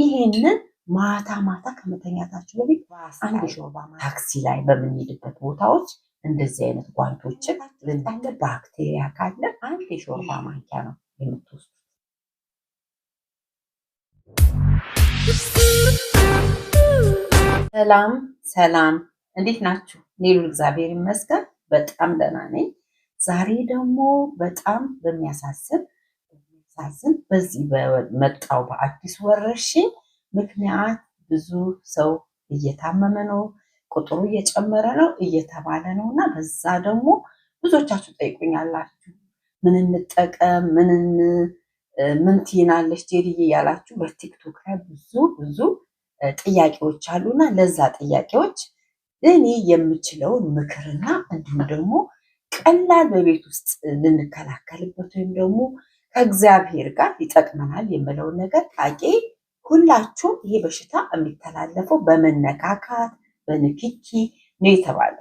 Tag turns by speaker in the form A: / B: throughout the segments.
A: ይሄንን ማታ ማታ ከመተኛታችሁ በፊት አንድ ሾርባ ታክሲ ላይ በምንሄድበት ቦታዎች እንደዚህ አይነት ጓንቶችን ልንታለ ባክቴሪያ ካለ አንድ የሾርባ ማንኪያ ነው የምትወስዱ። ሰላም ሰላም፣ እንዴት ናችሁ? ኔሉ እግዚአብሔር ይመስገን በጣም ደህና ነኝ። ዛሬ ደግሞ በጣም በሚያሳስብ ሳስን በዚህ በመጣው በአዲስ ወረርሽኝ ምክንያት ብዙ ሰው እየታመመ ነው፣ ቁጥሩ እየጨመረ ነው፣ እየተባለ ነው እና በዛ ደግሞ ብዙዎቻችሁ ጠይቁኛላችሁ ምን እንጠቀም ምን ትይናለች ጄድዬ ያላችሁ በቲክቶክ ላይ ብዙ ብዙ ጥያቄዎች አሉና ለዛ ጥያቄዎች እኔ የምችለውን ምክርና እንዲሁም ደግሞ ቀላል በቤት ውስጥ ልንከላከልበት ወይም ደግሞ ከእግዚአብሔር ጋር ይጠቅመናል የምለውን ነገር ታቂ። ሁላችሁም ይሄ በሽታ የሚተላለፈው በመነካካት በንክኪ ነው የተባለው።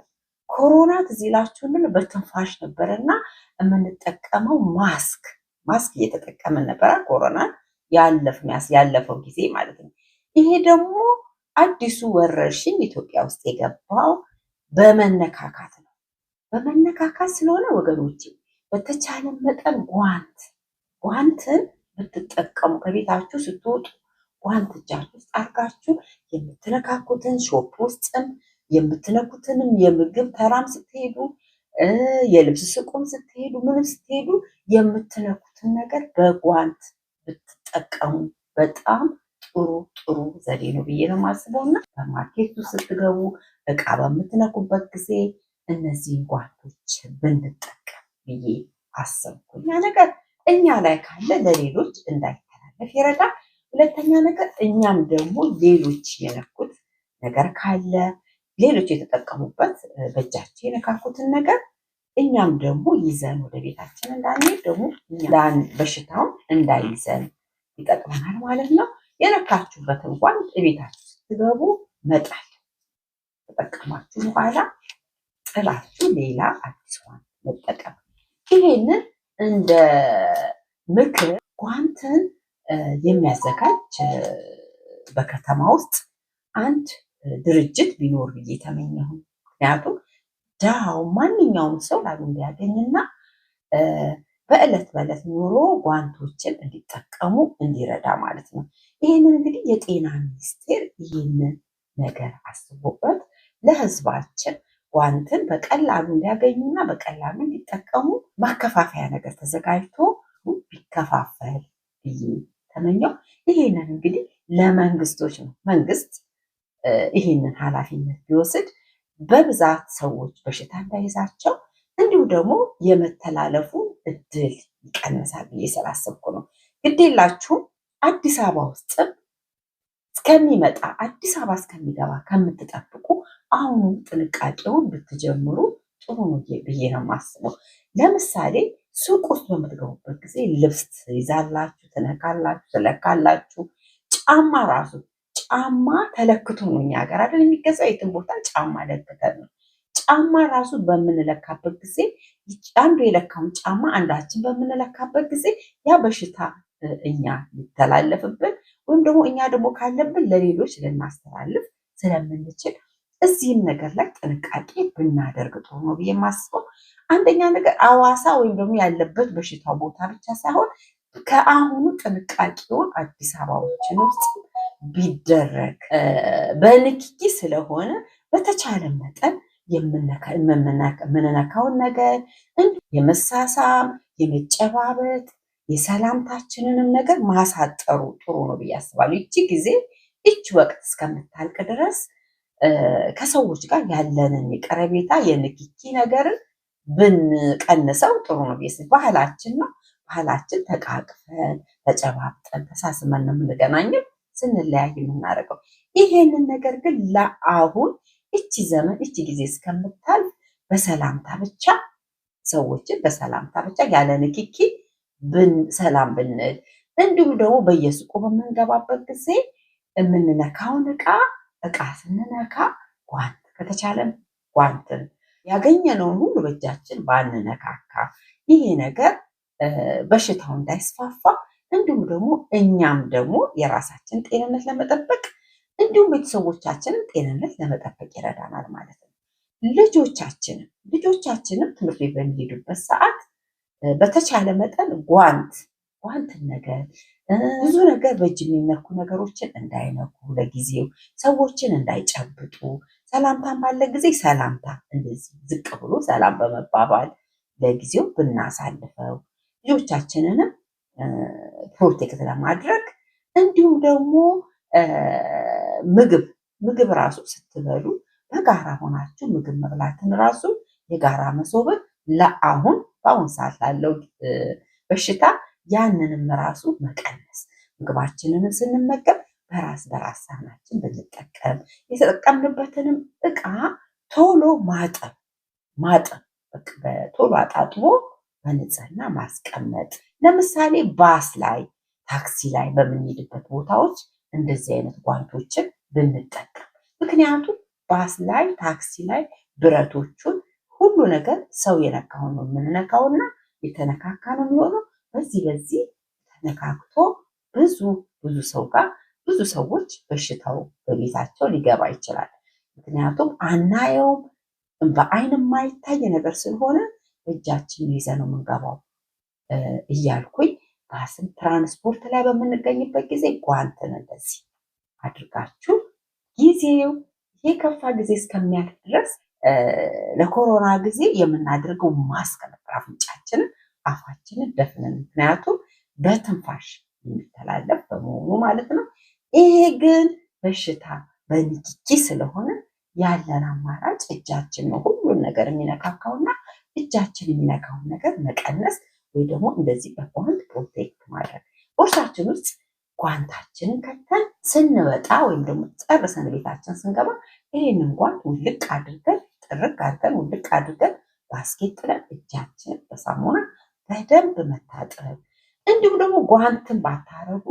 A: ኮሮና ትዝ ይላችሁን? በትንፋሽ ነበርና የምንጠቀመው ማስክ ማስክ እየተጠቀምን ነበረ ኮሮና ያለፍ ያለፈው ጊዜ ማለት ነው። ይሄ ደግሞ አዲሱ ወረርሽኝ ኢትዮጵያ ውስጥ የገባው በመነካካት ነው። በመነካካት ስለሆነ ወገኖቼ በተቻለ መጠን ጓንት ጓንትን ብትጠቀሙ ከቤታችሁ ስትወጡ ጓንት እጃችሁ ውስጥ አድርጋችሁ የምትነካኩትን ሾፕ ውስጥም የምትነኩትንም የምግብ ተራም ስትሄዱ የልብስ ስቁም ስትሄዱ ምንም ስትሄዱ የምትነኩትን ነገር በጓንት ብትጠቀሙ በጣም ጥሩ ጥሩ ዘዴ ነው ብዬ ነው የማስበው እና በማርኬቱ ስትገቡ እቃ በምትነኩበት ጊዜ እነዚህን ጓንቶች ብንጠቀም ብዬ አሰብኩኝ። ነገር እኛ ላይ ካለ ለሌሎች እንዳይተላለፍ ይረዳል። ሁለተኛ ነገር እኛም ደግሞ ሌሎች የነኩት ነገር ካለ ሌሎች የተጠቀሙበት በእጃቸው የነካኩትን ነገር እኛም ደግሞ ይዘን ወደ ቤታችን እንዳንሄድ ደግሞ በሽታውን እንዳይዘን ይጠቅመናል ማለት ነው። የነካችሁበትን ጓንት ቤታችሁ ስትገቡ መጣል ተጠቀማችሁ በኋላ ጥላችሁ ሌላ አዲስ ጓንት መጠቀም ይሄንን እንደ ምክር ጓንትን የሚያዘጋጅ በከተማ ውስጥ አንድ ድርጅት ቢኖር ብዬ ተመኘሁ። ምክንያቱም ድሃው ማንኛውም ሰው ላሉ እንዲያገኝና በዕለት በዕለት ኑሮ ጓንቶችን እንዲጠቀሙ እንዲረዳ ማለት ነው። ይህን እንግዲህ የጤና ሚኒስቴር ይህንን ነገር አስቦበት ለህዝባችን ዋንትን በቀላሉ እንዲያገኙና በቀላሉ እንዲጠቀሙ ማከፋፈያ ነገር ተዘጋጅቶ ቢከፋፈል ብዬ ተመኘው። ይሄንን እንግዲህ ለመንግስቶች ነው። መንግስት ይሄንን ኃላፊነት ቢወስድ በብዛት ሰዎች በሽታ እንዳይዛቸው እንዲሁ ደግሞ የመተላለፉ እድል ይቀንሳል ብዬ ስላሰብኩ ነው። ግዴላችሁም አዲስ አበባ ውስጥም እስከሚመጣ አዲስ አበባ እስከሚገባ ከምትጠብቁ አሁኑ ጥንቃቄውን ብትጀምሩ ጥሩ ነው ብዬ ነው የማስበው። ለምሳሌ ሱቅ ውስጥ በምትገቡበት ጊዜ ልብስ ትይዛላችሁ፣ ትነካላችሁ፣ ትለካላችሁ። ጫማ ራሱ ጫማ ተለክቶ ነው እኛ ሀገር አይደል የሚገዛው፣ የትም ቦታ ጫማ ለክተን ነው። ጫማ ራሱ በምንለካበት ጊዜ አንዱ የለካውን ጫማ አንዳችን በምንለካበት ጊዜ ያ በሽታ እኛ ሊተላለፍብን ወይም ደግሞ እኛ ደግሞ ካለብን ለሌሎች ልናስተላልፍ ስለምንችል እዚህም ነገር ላይ ጥንቃቄ ብናደርግ ጥሩ ነው ብዬ የማስበው አንደኛ ነገር አዋሳ ወይም ደግሞ ያለበት በሽታው ቦታ ብቻ ሳይሆን ከአሁኑ ጥንቃቄውን አዲስ አበባዎችን ውስጥ ቢደረግ በንክኪ ስለሆነ በተቻለ መጠን የምንነካውን ነገር የመሳሳም፣ የመጨባበጥ፣ የሰላምታችንንም ነገር ማሳጠሩ ጥሩ ነው ብዬ አስባለሁ። ይቺ ጊዜ ይቺ ወቅት እስከምታልቅ ድረስ ከሰዎች ጋር ያለንን የቀረቤታ የንክኪ ነገርን ብንቀንሰው ጥሩ ነው። ቤስ ባህላችን ነው። ባህላችን ተቃቅፈን ተጨባብጠን ተሳስመን ነው የምንገናኘው፣ ስንለያይ የምናደርገው። ይሄንን ነገር ግን ለአሁን እቺ ዘመን እቺ ጊዜ እስከምታልፍ በሰላምታ ብቻ ሰዎችን በሰላምታ ብቻ ያለ ንክኪ ሰላም ብንል እንዲሁም ደግሞ በየሱቁ በምንገባበት ጊዜ የምንነካውን ዕቃ እቃ ስንነካ ጓንት ከተቻለን ጓንትን ያገኘነውን ሁሉ በእጃችን ባንነካካ ይሄ ነገር በሽታው እንዳይስፋፋ እንዲሁም ደግሞ እኛም ደግሞ የራሳችን ጤንነት ለመጠበቅ እንዲሁም ቤተሰቦቻችንን ጤንነት ለመጠበቅ ይረዳናል ማለት ነው። ልጆቻችንም ልጆቻችንም ትምህርት ቤት በሚሄዱበት ሰዓት በተቻለ መጠን ጓንት ዋንትን ነገር ብዙ ነገር በእጅ የሚነኩ ነገሮችን እንዳይነኩ፣ ለጊዜው ሰዎችን እንዳይጨብጡ፣ ሰላምታን ባለ ጊዜ ሰላምታ እንደዚህ ዝቅ ብሎ ሰላም በመባባል ለጊዜው ብናሳልፈው ልጆቻችንንም ፕሮቴክት ለማድረግ እንዲሁም ደግሞ ምግብ ምግብ ራሱ ስትበሉ በጋራ ሆናችሁ ምግብ መብላትን ራሱ የጋራ መሶብን ለአሁን በአሁን ሰዓት ላለው በሽታ ያንንም ራሱ መቀነስ ምግባችንንም ስንመገብ በራስ በራስ ሳህናችን ብንጠቀም የተጠቀምንበትንም እቃ ቶሎ ማጠብ ማጠብ በቶሎ አጣጥቦ በንጽህና ማስቀመጥ። ለምሳሌ ባስ ላይ፣ ታክሲ ላይ በምንሄድበት ቦታዎች እንደዚህ አይነት ጓንቶችን ብንጠቀም። ምክንያቱም ባስ ላይ፣ ታክሲ ላይ ብረቶቹን ሁሉ ነገር ሰው የነካው ነው የምንነካውና የተነካካ ነው የሚሆነው። በዚህ በዚህ ተነካክቶ ብዙ ብዙ ሰው ጋር ብዙ ሰዎች በሽታው በቤታቸው ሊገባ ይችላል። ምክንያቱም አናየውም፣ በአይን የማይታይ ነገር ስለሆነ እጃችን ይዘ ነው የምንገባው እያልኩኝ ባስም ትራንስፖርት ላይ በምንገኝበት ጊዜ ጓንትን እንደዚህ አድርጋችሁ ጊዜው የከፋ ጊዜ እስከሚያልፍ ድረስ ለኮሮና ጊዜ የምናደርገው ማስክ ነበር አፍንጫችንን አፋችንን ደፍነን፣ ምክንያቱም በትንፋሽ የሚተላለፍ በመሆኑ ማለት ነው። ይሄ ግን በሽታ በንክኪ ስለሆነ ያለን አማራጭ እጃችን ነው። ሁሉን ነገር የሚነካካውና እጃችን የሚነካውን ነገር መቀነስ ወይ ደግሞ እንደዚህ በኮንት ፕሮቴክት ማድረግ ቦርሳችን ውስጥ ጓንታችንን ከተን ስንወጣ ወይም ደግሞ ጨርሰን ቤታችን ስንገባ ይህንን ጓንት ውልቅ አድርገን ጥርቅ አድርገን ውልቅ አድርገን ባስኬት ጥለን እጃችን በሳሙና በደንብ መታጠብ እንዲሁም ደግሞ ጓንትን ባታረጉ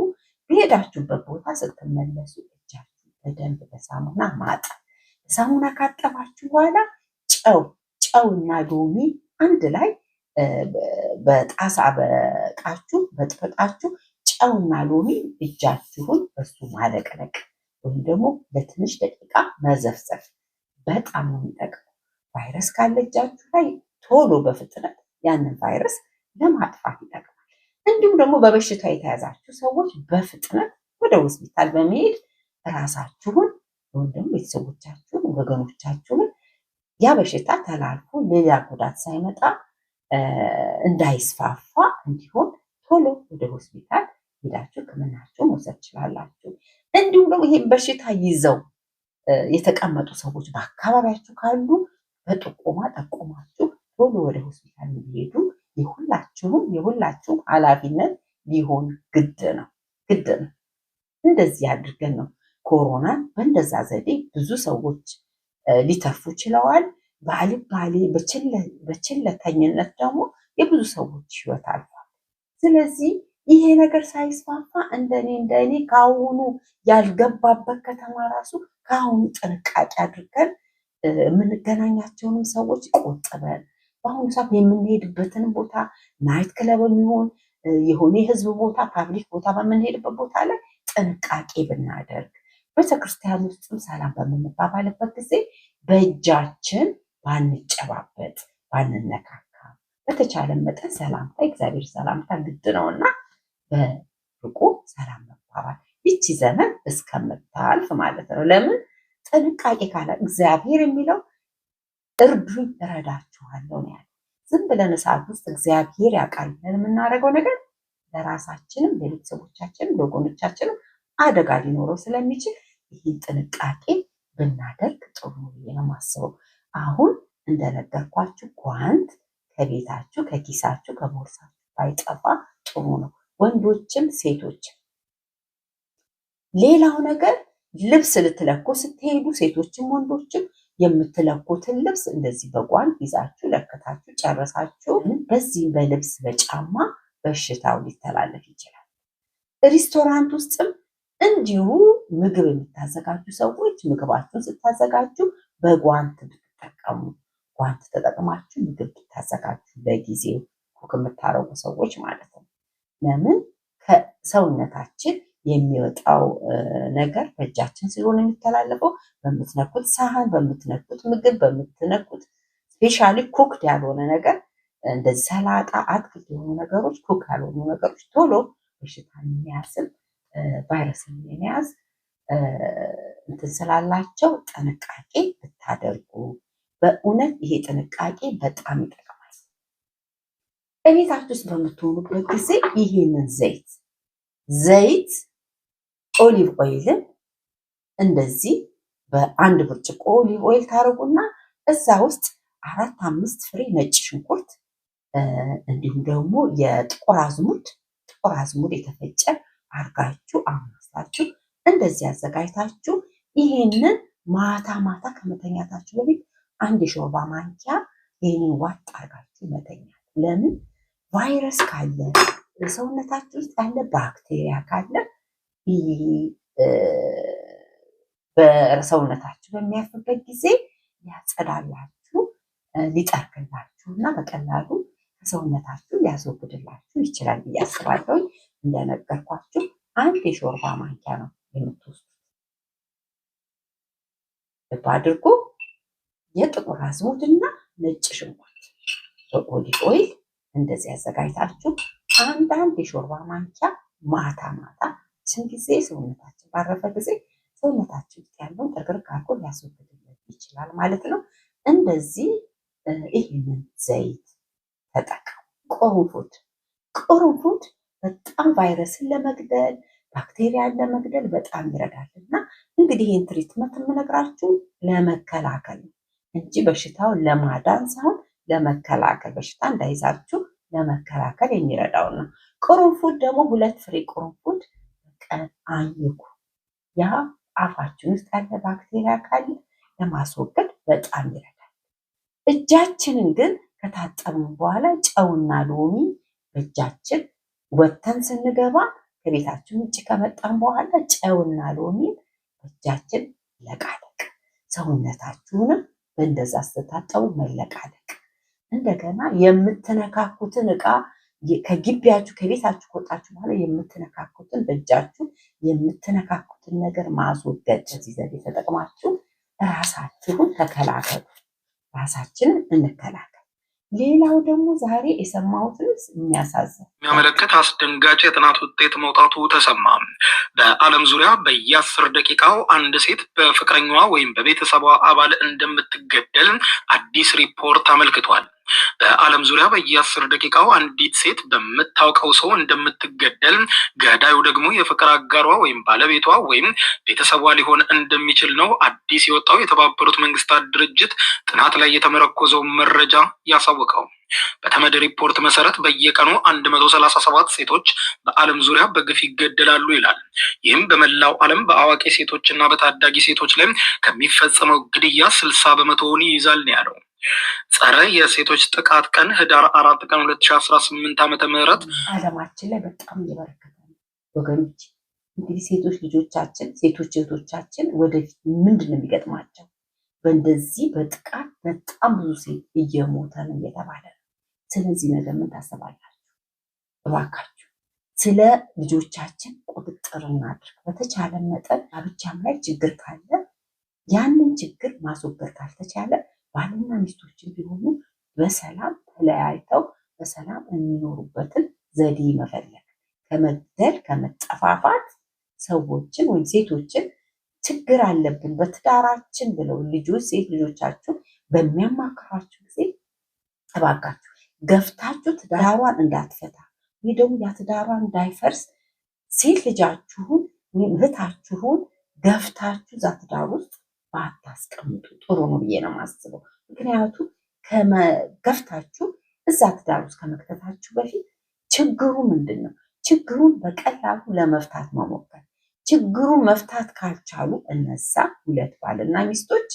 A: በሄዳችሁበት ቦታ ስትመለሱ እጃችሁ በደንብ በሳሙና ማጠብ። በሳሙና ካጠባችሁ በኋላ ጨው ጨውና ሎሚ አንድ ላይ በጣሳ በቃችሁ በጥበጣችሁ ጨውና ሎሚ እጃችሁን በሱ ማለቅለቅ ወይም ደግሞ ለትንሽ ደቂቃ መዘፍዘፍ በጣም ነው የሚጠቅመው። ቫይረስ ካለ እጃችሁ ላይ ቶሎ በፍጥነት ያንን ቫይረስ ለማጥፋት ይጠቅማል። እንዲሁም ደግሞ በበሽታ የተያዛችሁ ሰዎች በፍጥነት ወደ ሆስፒታል በመሄድ ራሳችሁን ወይም ደግሞ ቤተሰቦቻችሁን፣ ወገኖቻችሁን ያ በሽታ ተላልፎ ሌላ ጉዳት ሳይመጣ እንዳይስፋፋ እንዲሆን ቶሎ ወደ ሆስፒታል ሄዳችሁ ሕክምናችሁን መውሰድ ችላላችሁ እንዲሁም ደግሞ ይሄ በሽታ ይዘው የተቀመጡ ሰዎች በአካባቢያችሁ ካሉ በጥቆማ ጠቆማችሁ ቶሎ ወደ ሆስፒታል እንዲሄዱ የሁላችሁም የሁላችሁም ኃላፊነት ሊሆን ግድ ነው ግድ ነው። እንደዚህ አድርገን ነው ኮሮናን በእንደዛ ዘዴ ብዙ ሰዎች ሊተርፉ ችለዋል። ባልባሌ በችለተኝነት ደግሞ የብዙ ሰዎች ህይወት አልፏል። ስለዚህ ይሄ ነገር ሳይስፋፋ እንደኔ እንደኔ ከአሁኑ ያልገባበት ከተማ ራሱ ከአሁኑ ጥንቃቄ አድርገን የምንገናኛቸውንም ሰዎች ቆጥበን በአሁኑ ሰዓት የምንሄድበትን ቦታ ናይት ክለብ የሚሆን የሆነ የህዝብ ቦታ ፓብሊክ ቦታ በምንሄድበት ቦታ ላይ ጥንቃቄ ብናደርግ፣ ቤተክርስቲያን ውስጥም ሰላም በምንባባልበት ጊዜ በእጃችን ባንጨባበጥ፣ ባንነካካ፣ በተቻለ መጠን ሰላምታ እግዚአብሔር ሰላምታ ግድ ነውና በርቁ ሰላም መባባል ይቺ ዘመን እስከምታልፍ ማለት ነው። ለምን ጥንቃቄ ካለ እግዚአብሔር የሚለው እርዱኝ እረዳችኋለሁ ነው ያለ። ዝም ብለን እሳት ውስጥ እግዚአብሔር ያውቃል ብለን የምናደርገው ነገር ለራሳችንም ለቤተሰቦቻችንም ለወገኖቻችንም አደጋ ሊኖረው ስለሚችል ይህን ጥንቃቄ ብናደርግ ጥሩ ነው የማስበው። አሁን እንደነገርኳችሁ ጓንት ከቤታችሁ ከኪሳችሁ ከቦርሳችሁ ባይጠፋ ጥሩ ነው። ወንዶችም ሴቶችም። ሌላው ነገር ልብስ ልትለኩ ስትሄዱ ሴቶችም ወንዶችም የምትለኩትን ልብስ እንደዚህ በጓን ይዛችሁ ለክታችሁ ጨረሳችሁ። በዚህ በልብስ በጫማ በሽታው ሊተላለፍ ይችላል። ሪስቶራንት ውስጥም እንዲሁ ምግብ የምታዘጋጁ ሰዎች ምግባችሁን ስታዘጋጁ በጓንት ብትጠቀሙ፣ ጓንት ተጠቅማችሁ ምግብ ብታዘጋጁ በጊዜው ኩክ የምታረጉ ሰዎች ማለት ነው። ለምን ከሰውነታችን የሚወጣው ነገር በእጃችን ስለሆነ የሚተላለፈው በምትነኩት ሳህን፣ በምትነኩት ምግብ፣ በምትነኩት ስፔሻሊ ኩክድ ያልሆነ ነገር እንደዚህ ሰላጣ፣ አትክልት የሆኑ ነገሮች፣ ኩክ ያልሆኑ ነገሮች ቶሎ በሽታ የሚያስል ቫይረስን የሚያዝ እንትን ስላላቸው ጥንቃቄ ብታደርጉ በእውነት ይሄ ጥንቃቄ በጣም ይጠቅማል። እቤታችሁ ውስጥ በምትሆኑበት ጊዜ ይሄንን ዘይት ዘይት ኦሊቭ ኦይልን እንደዚህ በአንድ ብርጭቆ ኦሊቭ ኦይል ታረጉና እዛ ውስጥ አራት አምስት ፍሬ ነጭ ሽንኩርት እንዲሁም ደግሞ የጥቁር አዝሙድ ጥቁር አዝሙድ የተፈጨ አርጋችሁ አማስላችሁ እንደዚህ አዘጋጅታችሁ ይሄንን ማታ ማታ ከመተኛታችሁ በፊት አንድ የሾርባ ማንኪያ ይህንን ዋጥ አርጋችሁ መተኛት። ለምን ቫይረስ ካለ ሰውነታችሁ ውስጥ ያለ ባክቴሪያ ካለ በሰውነታችሁ በሚያርፍበት ጊዜ ሊያጸዳላችሁ፣ ሊጠርግላችሁ እና በቀላሉ ከሰውነታችሁ ሊያስወግድላችሁ ይችላል ብዬ አስባለሁ። እንደነገርኳችሁ አንድ የሾርባ ማንኪያ ነው የምትወስዱት። ልብ አድርጎ የጥቁር አዝሙድ እና ነጭ ሽንኩርት በኦሊቭ ኦይል እንደዚህ አዘጋጅታችሁ አንዳንድ የሾርባ ማንኪያ ማታ ማታ ስን ጊዜ ሰውነታችን ባረፈ ጊዜ ሰውነታችን ውስጥ ያለውን ጥርግርግ አድርጎ ሊያስወግድለት ይችላል ማለት ነው። እንደዚህ ይህንን ዘይት ተጠቀሙ። ቁርንፉድ ቁርንፉድ በጣም ቫይረስን ለመግደል ባክቴሪያን ለመግደል በጣም ይረዳል እና እንግዲህ ይህን ትሪትመንት የምነግራችሁ ለመከላከል ነው እንጂ በሽታው ለማዳን ሳይሆን ለመከላከል በሽታ እንዳይዛችሁ ለመከላከል የሚረዳው ነው። ቁርንፉድ ደግሞ ሁለት ፍሬ ቁርንፉድ አይኩ። ያ አፋችን ውስጥ ያለ ባክቴሪያ ካለ ለማስወገድ በጣም ይረዳል። እጃችንን ግን ከታጠብን በኋላ ጨውና ሎሚ በእጃችን ወተን ስንገባ ከቤታችን ውጭ ከመጣን በኋላ ጨውና ሎሚ በእጃችን ለቃለቅ፣ ሰውነታችሁንም በእንደዛ ስትታጠቡ መለቃለቅ። እንደገና የምትነካኩትን እቃ። ከግቢያችሁ ከቤታችሁ ከወጣችሁ በኋላ የምትነካኩትን በእጃችሁ የምትነካኩትን ነገር ማስወገድ እዚህ ዘዴ ተጠቅማችሁ ራሳችሁን ተከላከሉ። ራሳችንን እንከላከል። ሌላው ደግሞ ዛሬ የሰማሁትን የሚያሳዝን
B: የሚያመለክት አስደንጋጭ የጥናት ውጤት መውጣቱ ተሰማ። በዓለም ዙሪያ በየአስር ደቂቃው አንድ ሴት በፍቅረኛዋ ወይም በቤተሰቧ አባል እንደምትገደል አዲስ ሪፖርት አመልክቷል። በዓለም ዙሪያ በየአስር ደቂቃው አንዲት ሴት በምታውቀው ሰው እንደምትገደል ገዳዩ ደግሞ የፍቅር አጋሯ ወይም ባለቤቷ ወይም ቤተሰቧ ሊሆን እንደሚችል ነው አዲስ የወጣው የተባበሩት መንግስታት ድርጅት ጥናት ላይ የተመረኮዘው መረጃ ያሳወቀው። በተመድ ሪፖርት መሰረት በየቀኑ 137 ሴቶች በዓለም ዙሪያ በግፍ ይገደላሉ ይላል። ይህም በመላው ዓለም በአዋቂ ሴቶችና በታዳጊ ሴቶች ላይ ከሚፈጸመው ግድያ 60 በመቶውን ይይዛል ነው ያለው። ጸረ የሴቶች ጥቃት ቀን ህዳር አራት ቀን ሁለት ሺ አስራ ስምንት አመተ ምህረት
A: አለማችን ላይ በጣም እየበረከተ ነው ወገኖች። እንግዲህ ሴቶች ልጆቻችን ሴቶች እህቶቻችን ወደፊት ምንድን ነው የሚገጥማቸው? በእንደዚህ በጥቃት በጣም ብዙ ሴት እየሞተ ነው እየተባለ ነው። ስለዚህ ነገር ምን ታስባላችሁ? እባካችሁ ስለ ልጆቻችን ቁጥጥር እናድርግ። በተቻለ መጠን ጋብቻም ላይ ችግር ካለ ያንን ችግር ማስወገድ ካልተቻለ ባልና ሚስቶችን ቢሆኑ በሰላም ተለያይተው በሰላም የሚኖሩበትን ዘዴ መፈለግ ከመግደል ከመጠፋፋት ሰዎችን ወይም ሴቶችን ችግር አለብን በትዳራችን ብለው ልጆች ሴት ልጆቻችሁ በሚያማክራችሁ ጊዜ እባካችሁ ገፍታችሁ ትዳሯን እንዳትፈታ ይህ ደግሞ ያ እንዳይፈርስ ሴት ልጃችሁን ወይም እህታችሁን ገፍታችሁ እዛ ትዳር ውስጥ ባታስቀምጡ ጥሩ ነው ብዬ ነው የማስበው። ምክንያቱም ከመገፍታችሁ እዛ ትዳር ውስጥ ከመክተታችሁ በፊት ችግሩ ምንድን ነው? ችግሩን በቀላሉ ለመፍታት መሞከር። ችግሩን መፍታት ካልቻሉ እነዛ ሁለት ባልና ሚስቶች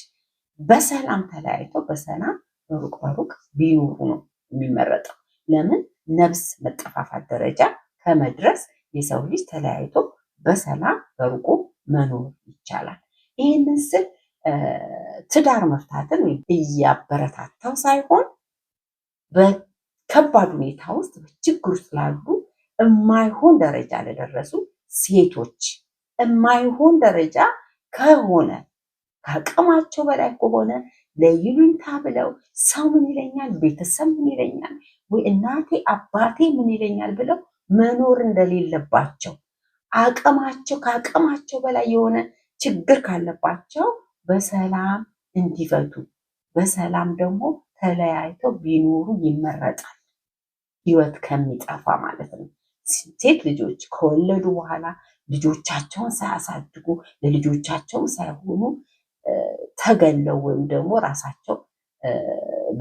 A: በሰላም ተለያይተው በሰላም በሩቅ በሩቅ ቢኖሩ ነው የሚመረጠው። ለምን ነብስ መጠፋፋት ደረጃ ከመድረስ የሰው ልጅ ተለያይቶ በሰላም በሩቁ መኖር ይቻላል። ይህንን ስል ትዳር መፍታትን እያበረታታው ሳይሆን በከባድ ሁኔታ ውስጥ በችግር ውስጥ ላሉ የማይሆን ደረጃ ለደረሱ ሴቶች የማይሆን ደረጃ ከሆነ ከአቅማቸው በላይ ከሆነ ለይሉኝታ ብለው ሰው ምን ይለኛል፣ ቤተሰብ ምን ይለኛል፣ ወይ እናቴ አባቴ ምን ይለኛል ብለው መኖር እንደሌለባቸው አቅማቸው ከአቅማቸው በላይ የሆነ ችግር ካለባቸው በሰላም እንዲፈቱ በሰላም ደግሞ ተለያይተው ቢኖሩ ይመረጣል፣ ህይወት ከሚጠፋ ማለት ነው። ሴት ልጆች ከወለዱ በኋላ ልጆቻቸውን ሳያሳድጉ ለልጆቻቸው ሳይሆኑ ተገለው ወይም ደግሞ ራሳቸው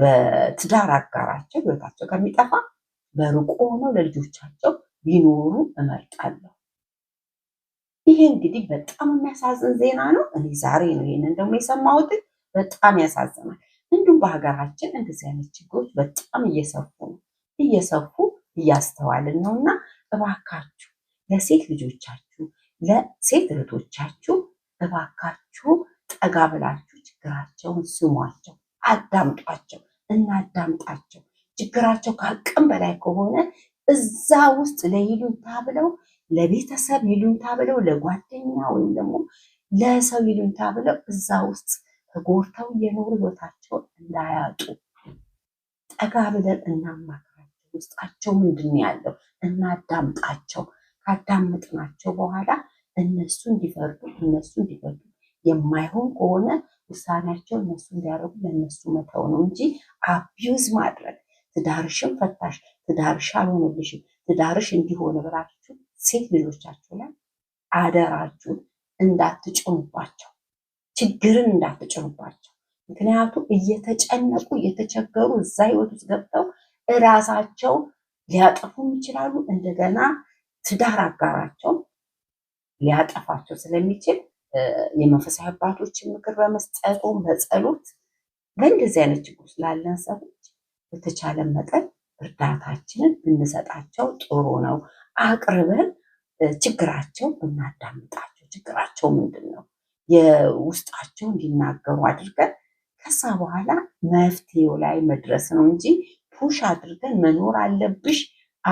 A: በትዳር አጋራቸው ህይወታቸው ከሚጠፋ በርቆ ሆነው ለልጆቻቸው ቢኖሩ እመርጣለሁ። ይሄ እንግዲህ በጣም የሚያሳዝን ዜና ነው። እኔ ዛሬ ነው ይህንን ደግሞ የሰማሁት። በጣም ያሳዝናል። እንዲሁም በሀገራችን እንደዚህ አይነት ችግሮች በጣም እየሰፉ ነው እየሰፉ እያስተዋልን ነው እና እባካችሁ ለሴት ልጆቻችሁ ለሴት እህቶቻችሁ እባካችሁ ጠጋ ብላችሁ ችግራቸውን ስሟቸው፣ አዳምጧቸው፣ እናዳምጣቸው። ችግራቸው ከአቅም በላይ ከሆነ እዛ ውስጥ ለይሉኝታ ብለው ለቤተሰብ ይሉኝታ ብለው ለጓደኛ ወይም ደግሞ ለሰው ይሉኝታ ብለው እዛ ውስጥ ተጎድተው የኖሩ ህይወታቸውን እንዳያጡ ጠጋ ብለን እናማክራቸው። ውስጣቸው ምንድን ያለው እናዳምጣቸው። ካዳመጥናቸው በኋላ እነሱ እንዲፈርዱ እነሱ እንዲፈርዱ የማይሆን ከሆነ ውሳኔያቸው እነሱ እንዲያደርጉ ለእነሱ መተው ነው እንጂ አቢዩዝ ማድረግ ትዳርሽን ፈታሽ ትዳርሽ አልሆነልሽም ትዳርሽ እንዲሆነ ብላችሁ ሴት ልጆቻችሁ ላይ አደራችሁን እንዳትጭኑባቸው፣ ችግርን እንዳትጭኑባቸው። ምክንያቱም እየተጨነቁ እየተቸገሩ እዛ ህይወት ውስጥ ገብተው እራሳቸው ሊያጠፉም ይችላሉ። እንደገና ትዳር አጋራቸው ሊያጠፋቸው ስለሚችል የመንፈሳዊ አባቶችን ምክር በመስጠቱ በጸሎት በእንደዚህ አይነት ችግር ስላለን ሰዎች በተቻለ መጠን እርዳታችንን ብንሰጣቸው ጥሩ ነው። አቅርበን ችግራቸው ብናዳምጣቸው ችግራቸው ምንድን ነው የውስጣቸው እንዲናገሩ አድርገን ከዛ በኋላ መፍትሄው ላይ መድረስ ነው እንጂ ፑሽ አድርገን መኖር አለብሽ፣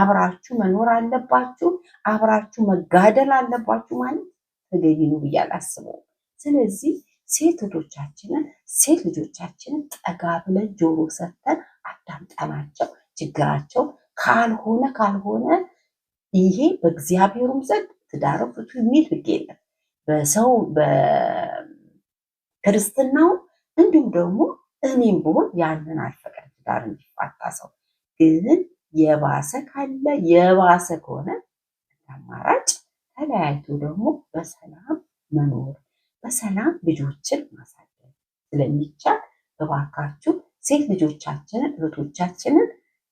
A: አብራችሁ መኖር አለባችሁ፣ አብራችሁ መጋደል አለባችሁ ማለት ተገቢ ነው ብዬ አላስበውም። ስለዚህ ሴት ልጆቻችንን ሴት ልጆቻችንን ጠጋ ብለን ጆሮ ሰጥተን አዳምጠናቸው ችግራቸው ካልሆነ ካልሆነ ይሄ በእግዚአብሔሩም ዘንድ ትዳርን ፍቱ የሚል ህግ የለም። በሰው በክርስትናው እንዲሁም ደግሞ እኔም ብሆን ያንን አልፈቀድም ትዳር እንዲፋታ ሰው ግን የባሰ ካለ የባሰ ከሆነ አማራጭ ተለያይቶ ደግሞ በሰላም መኖር በሰላም ልጆችን ማሳደግ ስለሚቻል እባካችሁ ሴት ልጆቻችንን እህቶቻችንን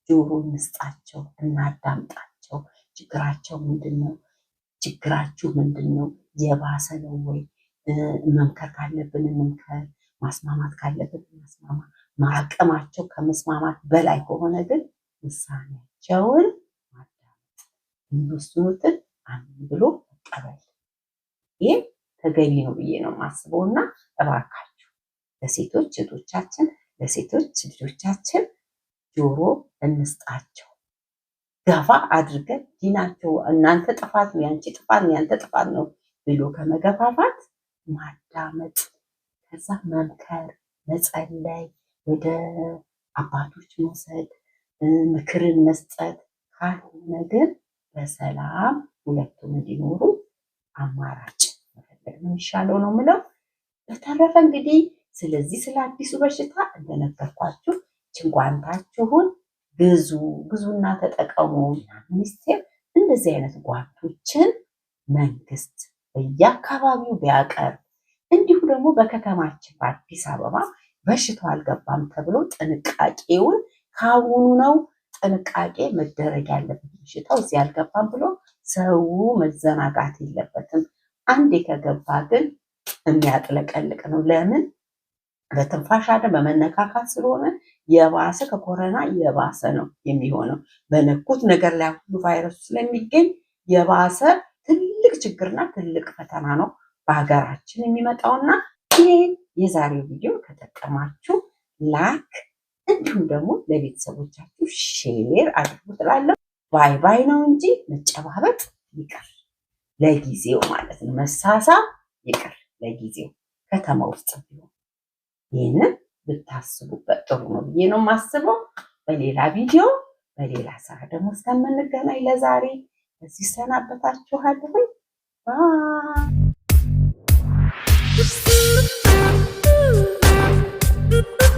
A: ጆሮ እንስጣቸው፣ እናዳምጣል። ችግራቸው ምንድን ነው? ችግራችሁ ምንድን ነው? የባሰ ነው ወይ? መምከር ካለብን መምከር፣ ማስማማት ካለብን ማስማማ። ማቀማቸው ከመስማማት በላይ ከሆነ ግን ውሳኔያቸውን ማዳመጥ፣ የሚወስኑትን አምን ብሎ መቀበል ይህ ተገቢ ነው ብዬ ነው የማስበው። እና እባካችሁ ለሴቶች እህቶቻችን፣ ለሴቶች ልጆቻችን ጆሮ እንስጣቸው። ገፋ አድርገን ዲናቸው እናንተ ጥፋት ነው ያንቺ ጥፋት ነው ያንተ ጥፋት ነው ብሎ ከመገፋፋት ማዳመጥ፣ ከዛ መምከር፣ መጸለይ፣ ወደ አባቶች መውሰድ፣ ምክርን መስጠት ካልሆነ ግን በሰላም ሁለቱም እንዲኖሩ አማራጭ መፈለግ የሚሻለው ነው ምለው። በተረፈ እንግዲህ ስለዚህ ስለ አዲሱ በሽታ እንደነገርኳችሁ ችንጓንታችሁን ግዙ ግዙና ተጠቀሙ። ሚኒስቴር እንደዚህ አይነት ጓቶችን መንግስት በየአካባቢው ቢያቀርብ እንዲሁ ደግሞ በከተማችን በአዲስ አበባ በሽታው አልገባም ተብሎ ጥንቃቄውን ካሁኑ ነው ጥንቃቄ መደረግ ያለበት። በሽታው እዚህ አልገባም ብሎ ሰው መዘናጋት የለበትም። አንዴ ከገባ ግን የሚያጥለቀልቅ ነው። ለምን? በትንፋሽ አይደል? በመነካካት ስለሆነ የባሰ ከኮረና የባሰ ነው የሚሆነው። በነኩት ነገር ላይ ሁሉ ቫይረሱ ስለሚገኝ የባሰ ትልቅ ችግርና ትልቅ ፈተና ነው በሀገራችን የሚመጣውና ይህን የዛሬው ቪዲዮ ከጠቀማችሁ ላክ እንዲሁም ደግሞ ለቤተሰቦቻችሁ ሼር አድርጉ ትላለሁ። ባይ ባይ ነው እንጂ መጨባበጥ ይቅር ለጊዜው ማለት ነው። መሳሳ ይቅር ለጊዜው ከተማ ውስጥ ቢሆን ይህንን ብታስቡበት ጥሩ ነው ብዬ ነው የማስበው። በሌላ ቪዲዮ በሌላ ስራ ደግሞ እስከምንገናኝ ለዛሬ በዚህ ሰናበታችኋለሁ። ባይ